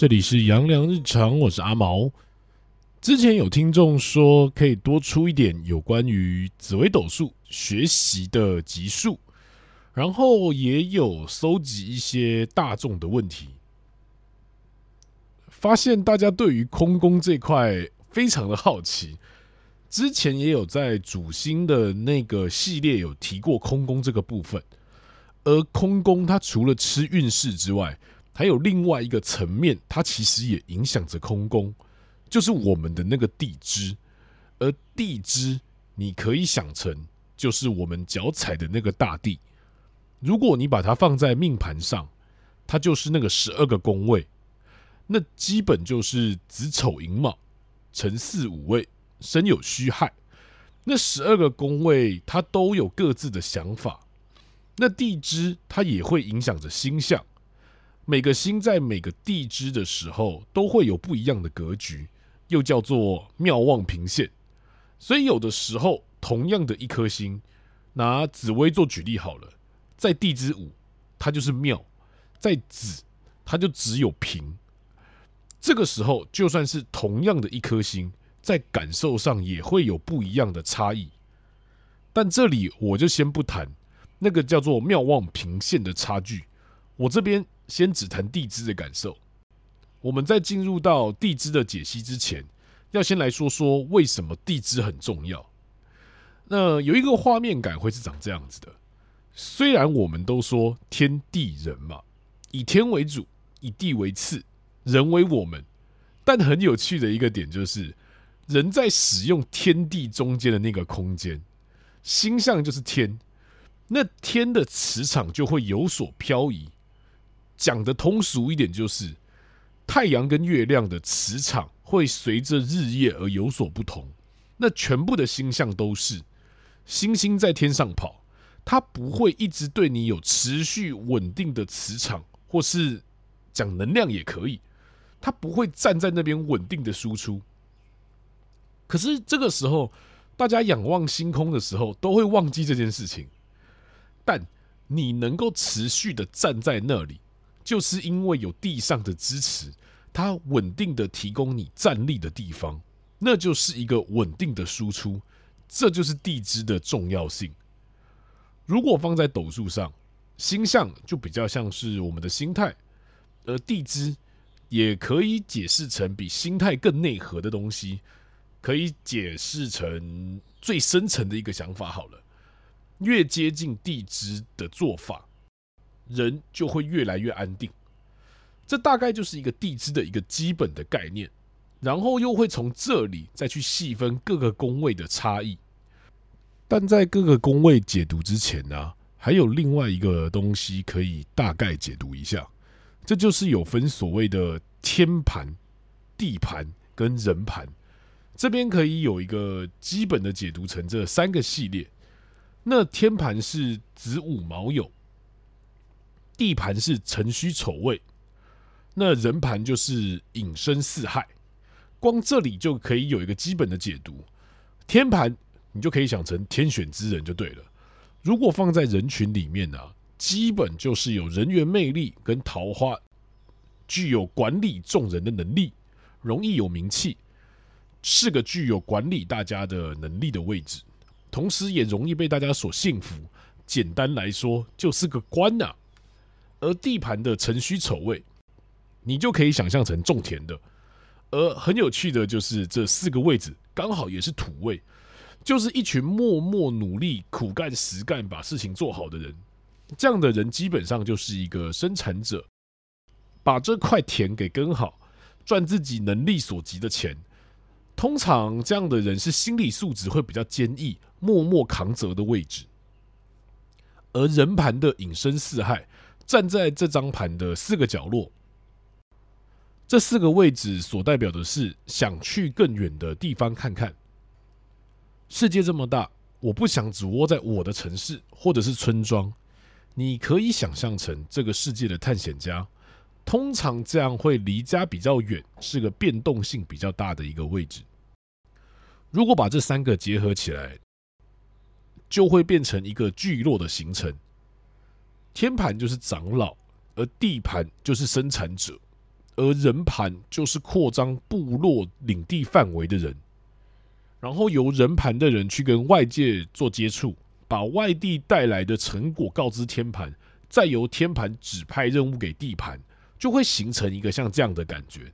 這裡是陽光日常，我是阿毛。之前有聽眾說可以多出一點有關於紫微斗數學習的集數，然後也有收集一些大眾的問題，發現大家對於空宮這塊非常的好奇。之前也有在主星的那個系列有提過空宮這個部分，而空宮它除了吃運勢之外，還有另外一個層面，它其實也影響着空宮，就是我們的那個地支，而地支你可以想成就是我們腳踩的那個大地。如果你把它放在命盤上，它就是那個十二個宮位，那基本就是子丑寅卯、辰巳午未、申酉戌亥。那十二個宮位它都有各自的想法，那地支它也會影響着星象。每個星在每個地支的時候都會有不一樣的格局，又叫做廟旺平陷。所以有的時候，同樣的一顆星，拿紫微做舉例好了，在地支午，它就是廟；在子，它就只有平。這個時候，就算是同樣的一顆星，在感受上也會有不一樣的差異。但這裡我就先不談那個叫做廟旺平陷的差距。我這邊。先只談地支的感受。我們在進入到地支的解析之前，要先來說說為什麼地支很重要。那有一個畫面感會是長這樣子的。雖然我們都說天地人嘛，以天為主，以地為次，人為我們，但很有趣的一個點就是，人在使用天地中間的那個空間，星象就是天，那天的磁場就會有所漂移。講的通俗一點，就是太陽跟月亮的磁場會隨着日夜而有所不同。那全部的星象都是星星在天上跑，它不會一直對你有持續穩定的磁場，或是講能量也可以，它不會站在那邊穩定的輸出。可是這個時候，大家仰望星空的時候，都會忘記這件事情。但你能夠持續的站在那裡。就是因為有地上的支持，它穩定的提供你站立的地方，那就是一個穩定的輸出。這就是地支的重要性。如果放在斗數上，星象，就比較像是我們的心態，而地支也可以解釋成比心態更內核的東西，可以解釋成最深層的一個想法。好了，越接近地支的做法。人就會越來越安定，這大概就是一個地支的一個基本的概念，然後又會從這裡再去細分各個宮位的差異。但在各個宮位解讀之前呢、啊，還有另外一個東西可以大概解讀一下，這就是有分所謂的天盤、地盤跟人盤，這邊可以有一個基本的解讀成這三個系列。那天盤是子午卯酉。地盤是辰戌丑未，那人盤就是寅申巳亥，光這裡就可以有一個基本的解讀。天盤你就可以想成天選之人就對了。如果放在人群裡面呢、啊，基本就是有人緣魅力跟桃花，具有管理眾人的能力，容易有名氣，是個具有管理大家的能力的位置，同時也容易被大家所信服。簡單來說，就是個官吶、啊。而地盤的辰戌丑未，你就可以想象成種田的。而很有趣的就是，這四個位置剛好也是土位，就是一群默默努力、苦幹實幹、把事情做好的人。這樣的人基本上就是一個生產者，把這塊田給耕好，賺自己能力所及的錢。通常這樣的人是心理素質會比較堅毅、默默扛責的位置。而人盤的寅申巳亥。站在這張盤的四個角落，這四個位置所代表的是想去更遠的地方看看。世界這麼大，我不想只窩在我的城市或者是村莊。你可以想象成這個世界的探險家，通常這樣會離家比較遠，是個變動性比較大的一個位置。如果把這三個結合起來，就會變成一個聚落的形成。天盤就是長老，而地盤就是生產者，而人盤就是擴張部落領地範圍的人。然後由人盤的人去跟外界做接觸，把外地帶來的成果告知天盤，再由天盤指派任務給地盤，就會形成一個像這樣的感覺。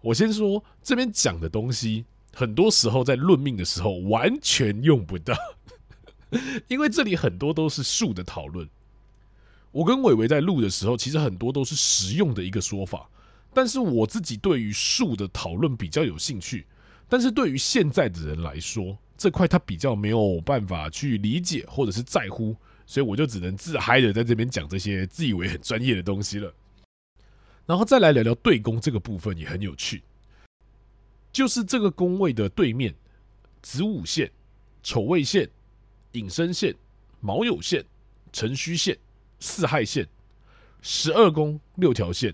我先說這邊講的東西，很多時候在論命的時候完全用不到， 因為這裡很多都是數的討論。我跟瑋瑋在錄的時候，其實很多都是實用的一個說法，但是我自己對於術的討論比較有興趣，但是對於現在的人來說，這塊他比較沒有辦法去理解或者是在乎，所以我就只能自嗨的在這邊講這些自以為很專業的東西了。然後再來聊聊對宮這個部分也很有趣，就是這個宮位的對面子午線、丑未線、寅申線、卯酉線、辰戌線。四害線，十二宮六條線，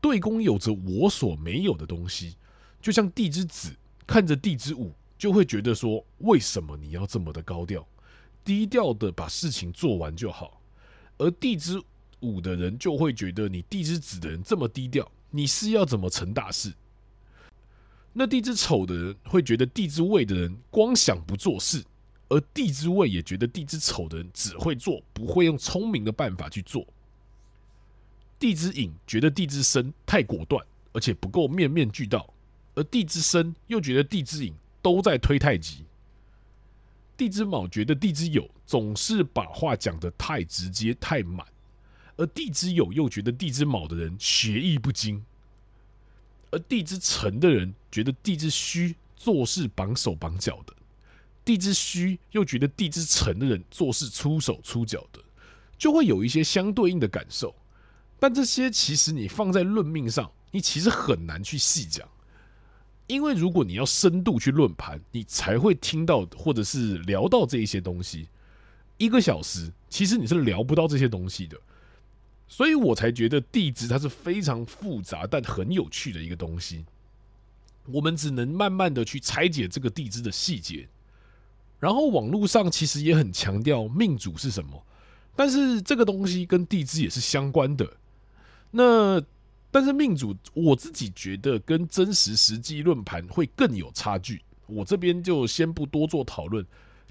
對宮有着我所沒有的東西。就像地支子看着地支午，就會覺得說：為什麼你要這麼的高調？低調的把事情做完就好。而地支午的人就會覺得你地支子的人這麼低調，你是要怎麼成大事？那地支丑的人會覺得地支未的人光想不做事。而地支未也覺得地支丑的人只會做，不會用聰明的辦法去做；地支寅覺得地支申太果斷，而且不夠面面俱到；而地支申又覺得地支寅都在推太極；地支卯覺得地支酉總是把話講得太直接太滿；而地支酉又覺得地支卯的人學藝不精；而地支辰的人覺得地支戌做事綁手綁腳的。地支虛又覺得地支沉的人做事出手出腳的，就會有一些相對應的感受。但這些其實你放在論命上，你其實很難去細講，因為如果你要深度去論盤，你才會聽到或者是聊到這一些東西。一個小時其實你是聊不到這些東西的，所以我才覺得地支它是非常複雜但很有趣的一個東西。我們只能慢慢的去拆解這個地支的細節。然後網絡上其實也很強調命主是什麼，但是這個東西跟地支也是相關的。那但是命主我自己覺得跟真實實際論盤會更有差距。我這邊就先不多做討論，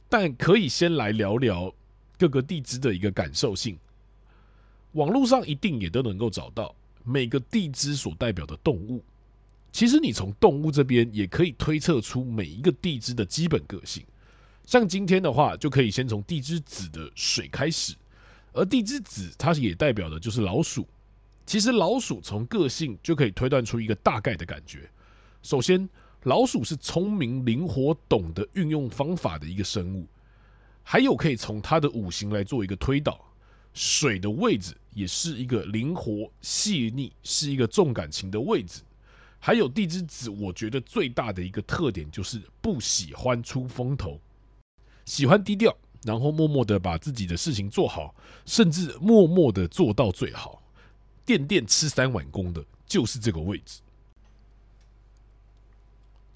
但可以先來聊聊各個地支的一個感受性。網絡上一定也都能夠找到每個地支所代表的動物。其實你從動物這邊也可以推測出每一個地支的基本個性。像今天的話，就可以先從地支子的水開始，而地支子它也代表的就是老鼠。其實老鼠從個性就可以推斷出一個大概的感覺。首先，老鼠是聰明、靈活、懂得運用方法的一個生物。還有可以從它的五行來做一個推導。水的位置也是一個靈活、細膩，是一個重感情的位置。還有地支子，我覺得最大的一個特點就是不喜歡出風頭。喜歡低調，然後默默的把自己的事情做好，甚至默默的做到最好。惦惦吃三碗公的就是這個位置。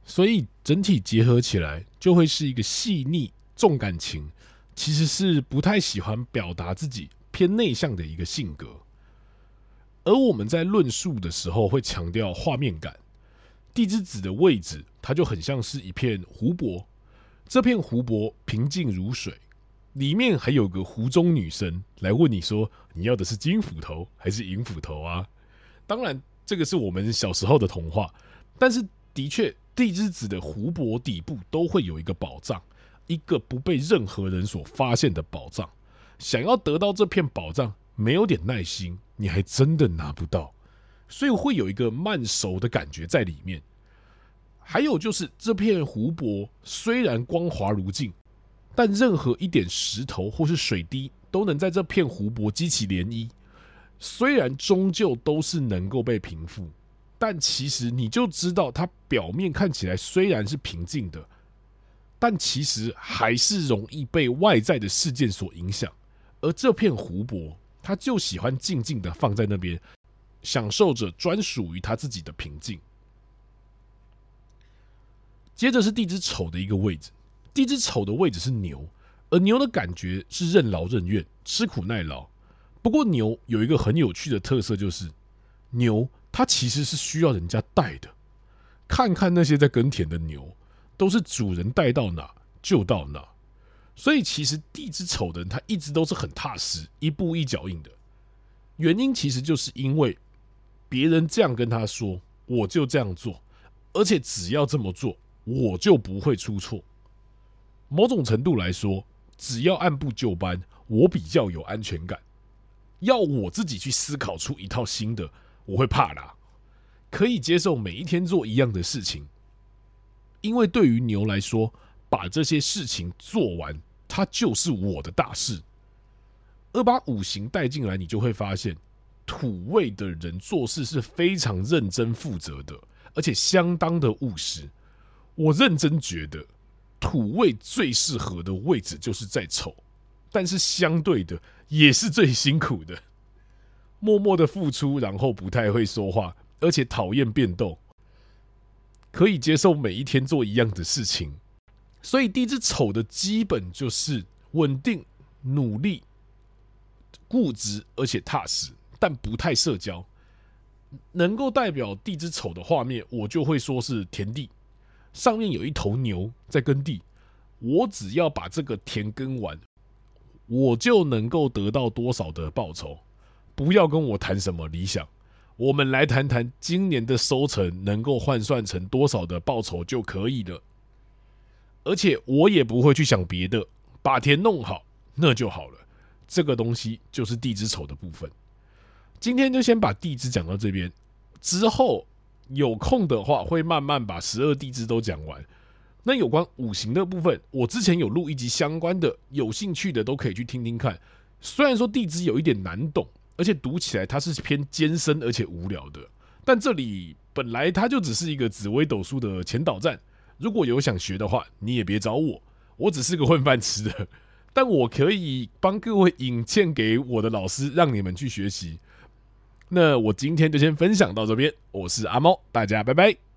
所以整體結合起來，就會是一個細膩、重感情，其實是不太喜歡表達自己、偏內向的一個性格。而我們在論述的時候，會強調畫面感。地支子的位置，它就很像是一片湖泊。這片湖泊平靜如水，裡面還有個湖中女神來問你說：“你要的是金斧頭還是銀斧頭啊？”當然，這個是我們小時候的童話，但是的確，地支子的湖泊底部都會有一個寶藏，一個不被任何人所發現的寶藏。想要得到這片寶藏，沒有點耐心，你還真的拿不到，所以會有一個慢熟的感覺在裡面。還有就是這片湖泊雖然光滑如鏡，但任何一點石頭或是水滴都能在這片湖泊激起漣漪。雖然終究都是能夠被平復，但其實你就知道，它表面看起來雖然是平靜的，但其實還是容易被外在的事件所影響。而這片湖泊，它就喜歡靜靜的放在那邊，享受着專屬於它自己的平靜。接着是地支丑的一個位置，地支丑的位置是牛，而牛的感覺是任勞任怨、吃苦耐勞。不過牛有一個很有趣的特色，就是牛它其實是需要人家帶的。看看那些在耕田的牛，都是主人帶到哪就到哪。所以其實地支丑的人，他一直都是很踏實，一步一腳印的。原因其實就是因為別人這樣跟他說，我就這樣做，而且只要這麼做。我就不會出錯。某種程度來說，只要按部就班，我比較有安全感。要我自己去思考出一套新的，我會怕啦。可以接受每一天做一樣的事情，因為對於牛來說，把這些事情做完，它就是我的大事。而把五行帶進來，你就會發現，土位的人做事是非常認真負責的，而且相當的務實。我認真覺得，土位最適合的位置就是在丑，但是相對的也是最辛苦的，默默的付出，然後不太會說話，而且討厭變動，可以接受每一天做一樣的事情。所以地支丑的基本就是穩定、努力、固執，而且踏實，但不太社交。能夠代表地支丑的畫面，我就會說是田地。上面有一頭牛在耕地，我只要把這個田耕完，我就能夠得到多少的報酬。不要跟我談什麼理想，我們來談談今年的收成能夠換算成多少的報酬就可以了。而且我也不會去想別的，把田弄好那就好了。這個東西就是地支丑的部分。今天就先把地支講到這邊，之後。有空的話，會慢慢把十二地支都講完。那有關五行的部分，我之前有錄一集相關的，有興趣的都可以去聽聽看。雖然說地支有一點難懂，而且讀起來它是偏艱深而且無聊的。但這裡本來它就只是一個紫微斗數的前導站。如果有想學的話，你也別找我，我只是個混飯吃的。但我可以幫各位引薦給我的老師，讓你們去學習。那，我今天就先分享到這邊，我是阿貓，大家拜拜。